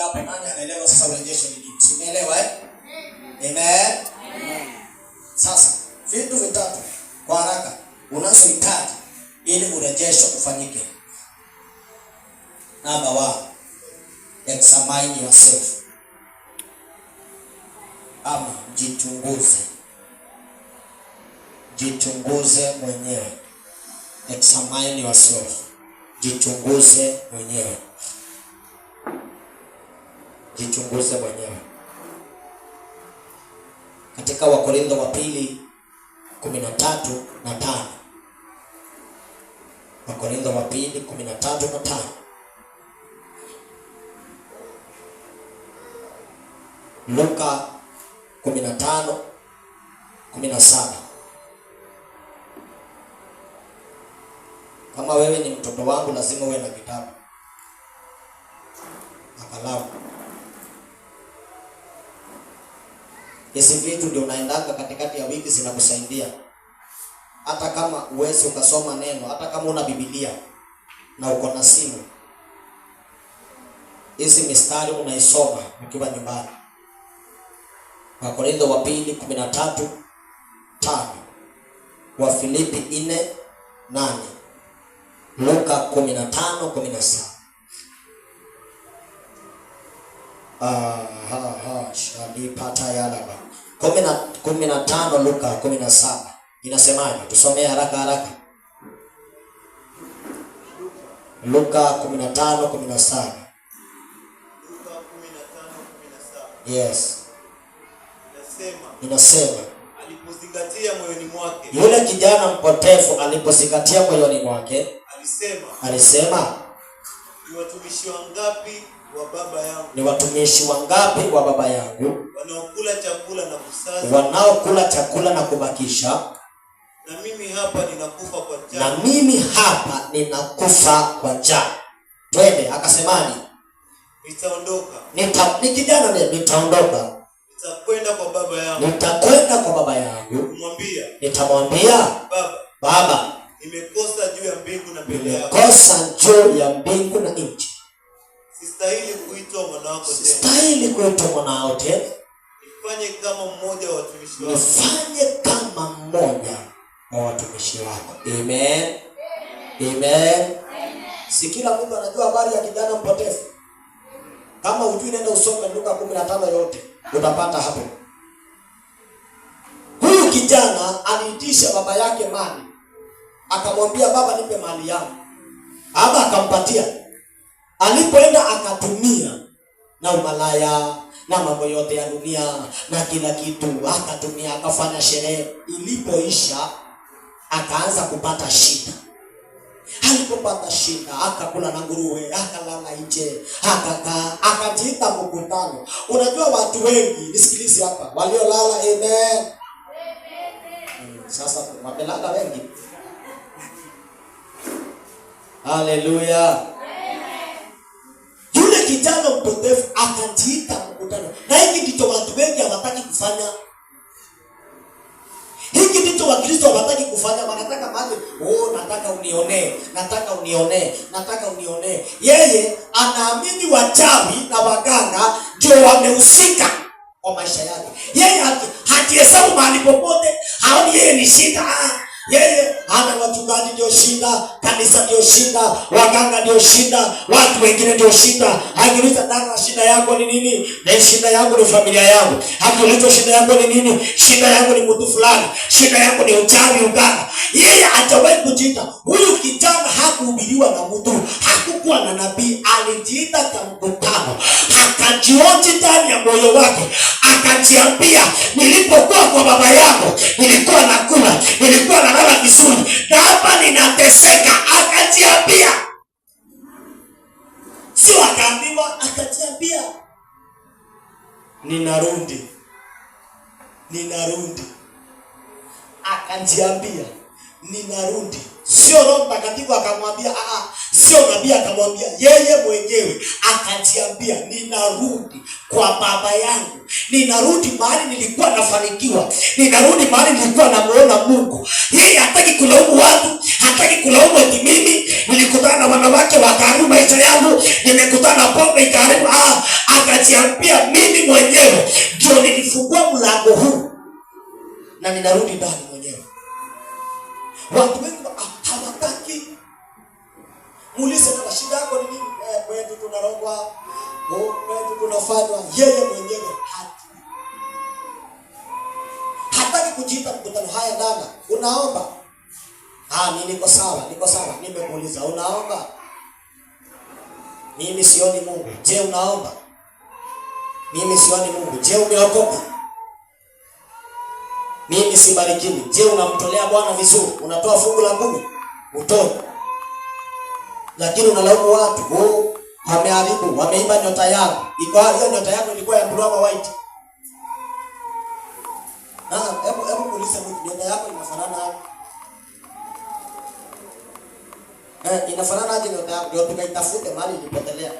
hapo nani anaelewa sasa urejesho ni nini? Si eh? Amen. Amen. Sasa vitu vitatu kwa haraka unazohitaji ili urejesho ufanyike. Namba one, examine yourself. Ama jichunguze. Jichunguze mwenyewe. Examine yourself. Jichunguze mwenyewe jichunguze mwenyewe. Katika Wakorintho wa pili kumi na tatu na tano Wakorintho wa pili kumi na tatu na tano Luka kumi na tano kumi na saba Kama wewe ni mtoto wangu, lazima uwe na kitabu na kalamu. Hizi vitu ndio unaendanga katikati ya wiki zinakusaidia, hata kama uwezi ukasoma neno, hata kama una Biblia na uko na simu, hizi mistari unaisoma ukiwa nyumbani. Wakorintho wa pili kumi na tatu tano wa Filipi nne nane Luka kumi na tano kumi na saba ah, shalipata yalaba kumi na tano Luka kumi na saba inasemaje? Tusomee haraka haraka, Luka kumi na tano kumi na saba Yes, inasema alipozingatia moyoni mwake, yule kijana mpotefu alipozingatia moyoni mwake alisema, alisema ni watumishi wangapi wa baba yangu. Ni watumishi wangapi wa baba yangu wanaokula chakula na kusaza, wanaokula chakula na kubakisha, na mimi hapa ninakufa kwa njaa, na mimi hapa ninakufa kwa njaa. Twende, akasemani, Nitaondoka, nita ni kijana ni nitaondoka nitakwenda kwa baba yangu, nitakwenda kwa baba yangu kumwambia, nitamwambia baba, baba, nimekosa juu ya mbingu na mbele yako, nimekosa juu ya mbingu na nchi Sistahili kuitwa mwanao tena. Sistahili kuitwa mwanao tena. Nifanye kama mmoja wa watumishi wako. Nifanye kama mmoja wa watumishi wako. Amen. Amen. Si kila mtu anajua habari ya kijana mpotefu. Kama hujui, nenda usome Luka 15 yote utapata hapo. Huyu kijana aliitisha baba yake mali, akamwambia baba, nipe mali yangu, baba akampatia alipoenda akatumia na umalaya na mambo yote ya dunia na kila kitu akatumia, akafanya sherehe. Ilipoisha akaanza kupata shida. Alipopata shida, akakula na nguruwe, akalala nje, akakaa, akajiita mkutano. Unajua watu wengi, nisikilize hapa, waliolala amen. sasa wamelala wengi, haleluya kijana mpotevu akajiita mkutano, na hiki ndicho watu wengi hawataki kufanya. Hiki ndicho Wakristo hawataki kufanya. Wanataka mali, oh, nataka unionee, nataka unionee, nataka unionee. Yeye anaamini wachawi na waganga ndio wamehusika kwa maisha yake. Yeye hatihesabu mahali popote, haoni yeye ni shida, ah, yeye hata wachungaji ndio shida, kanisa ndio shida, waganga ndio shida, watu wengine ndio shida. Hakiuliza dada, shida yako ni nini? Na shida yangu ni familia yangu. Hakiuliza shida yako ni nini? Shida yangu ni mtu fulani, shida yangu ni uchawi, uganga. Yeye atawahi kujiita huyu kijana hakuhubiriwa na mtu, hakukuwa na nabii, alijiita kamkutano, akajioji ndani ya moyo wake, akajiambia nilipokuwa kwa baba yako nilikuwa nakula, nilikuwa nalala vizuri hapa ninateseka, akajiambia, sio akaambiwa, akajiambia ninarudi, ninarudi. Akajiambia ninarudi, sio Roho Mtakatifu akamwambia ah, ah, sio nabii, akamwambia yeye mwenyewe akajiambia, ninarudi kwa baba yangu, ninarudi mahali nilikuwa nafanikiwa, ninarudi mahali nilikuwa namuona Mungu. Yeye hataki kulaumu watu, hataki kulaumu eti mimi nilikutana na wanawake wakaharibu maisha yangu, nimekutana na pombe ikaharibu. Ah, akajiambia mimi mwenyewe ndio nilifungua mlango huu na ninarudi ndani mwenyewe. Watu wengi mimi sioni Mungu. Je, unaomba? Mimi sioni Mungu. Je, umeokoka? Mimi sibarikiwi. Je, unamtolea Bwana vizuri? Unatoa fungu la kumi? Utoe. Lakini unalaumu watu, oh, wameharibu, wameiba nyota yako. Ikawa hiyo nyota yako ilikuwa ya Bruno white. Na hebu hebu kuuliza nyota yako inafanana nani? Eh, inafanana aje ndio tukaitafute mali ilipotelea.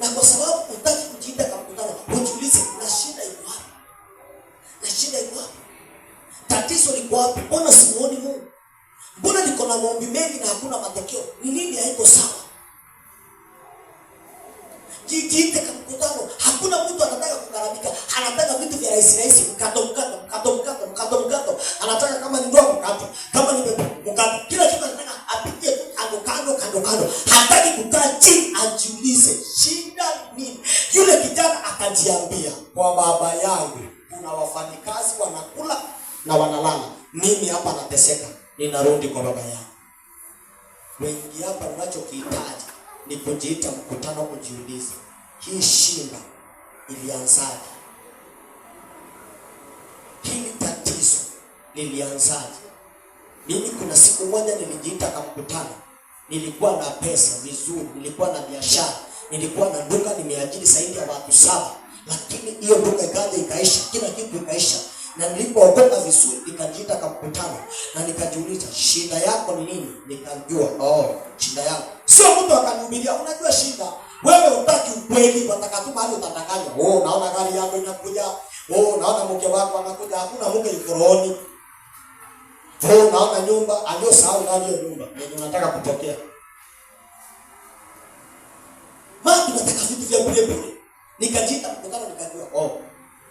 Na kwa sababu utaki kujiita na shida iko wapi? Na shida iko wapi? Tatizo liko wapi? Mbona simuoni Mungu? Mbona niko na maombi mengi na hakuna matokeo? rahisi mkato mkato mkato mkato mkato mkato, anataka kama ni ndoa mkato, kama ni mkato, kila kitu anataka apige kando kando kando kando, hataki kukaa chini ajiulize shida nini. Yule kijana akajiambia kwa baba yangu kuna wafanyikazi wanakula na wanalala, mimi hapa nateseka, ninarudi kwa baba yangu. Wengi hapa unachokihitaji ni kujiita mkutano, kujiuliza hii shida ilianzaje? hili tatizo lilianzaje? Mimi kuna siku moja nilijiita kamkutana mkutano, nilikuwa na pesa vizuri, nilikuwa na biashara, nilikuwa na duka, nimeajiri zaidi ya watu saba, lakini hiyo duka ikaja ikaisha, kila kitu ikaisha na nilipookoka vizuri nikajiita kwa mkutano na nikajiuliza shida yako ni nini? Nikajua oh, shida yako sio mtu akanihubiria. Unajua shida, wewe utaki ukweli, watakatuma hali utatakanya. Oh, naona gari yako inakuja Oh, naona mke wako anakuja hakuna mume ikoroni. Oh, naona nyumba aliyosahau ndani ya nyumba Ni unataka kutokea. Maana tunataka vitu vya bure bure. Nikajita mkutano nikajua, oh,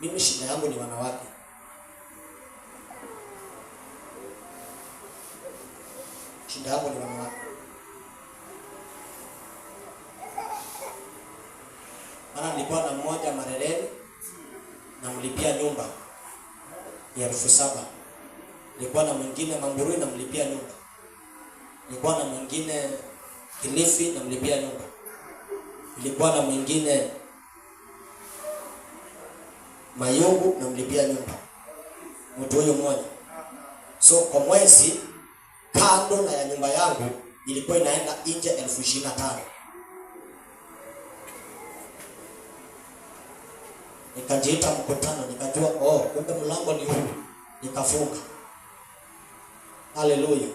mimi shida yangu ni wanawake. Shida yangu ni wanawake. ya elfu saba. Nilikuwa na mwingine Mamburui namlipia nyumba. Nilikuwa na mwingine Kilifi namlipia nyumba. Nilikuwa na mwingine na namlipia nyumba. Mtu huyo mmoja. So kwa mwezi kando na ya nyumba yangu ilikuwa inaenda nje elfu ishirini na tano. nikajiita mkutano, nikajua oh, kumbe mlango ni huu, nikafunga. Haleluya,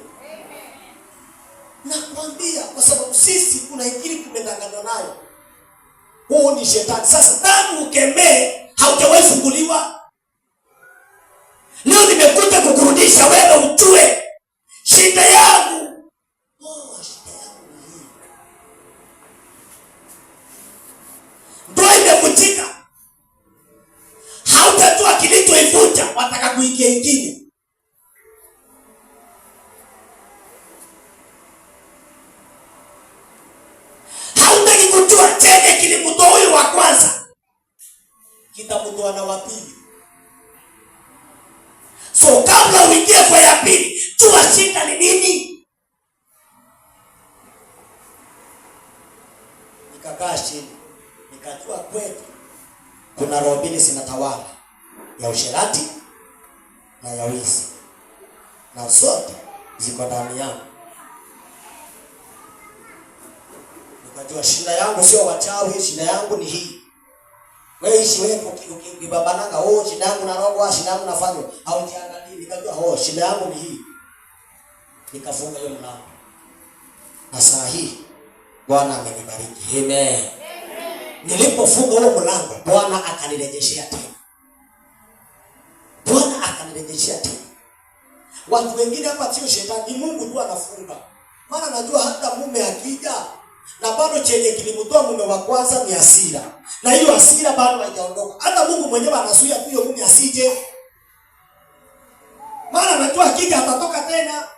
nakwambia, kwa sababu sisi tunaikiri tumedanganywa nayo. Huu ni shetani. Sasa tangu ukemee, haujawahi funguliwa. Leo nimekuja kukurudisha wewe, ujue shida yako Unajua chenye kilimtoa huyu wa kwanza kitamtoa na wa pili. So kabla uingie kwa ya pili, jua shida ni nini? Nikakaa chini nikajua kwetu kuna roho mbili zinatawala, ya usherati na ya wizi, na zote ziko ndani yangu. Unajua shida yangu sio wachawi, shida yangu ni hii. Wewe ishi wewe ukibabananga, oh shida yangu na roho, ah, shida yangu nafanywa. Haujiangalii, nikajua oh shida yangu ni hii. Nikafunga hiyo mlango. Na saa hii Bwana amenibariki. Amen. Nilipofunga huo mlango, Bwana akanirejeshea tena. Bwana akanirejeshea tena. Watu wengine hapa sio shetani, Mungu tu anafunga. Maana najua hata mume akija na bado chenye kilimtoa mume wa kwanza ni hasira, na hiyo hasira bado haijaondoka. Hata Mungu mwenyewe anazuia huyo mume asije, maana anajua hakika atatoka tena.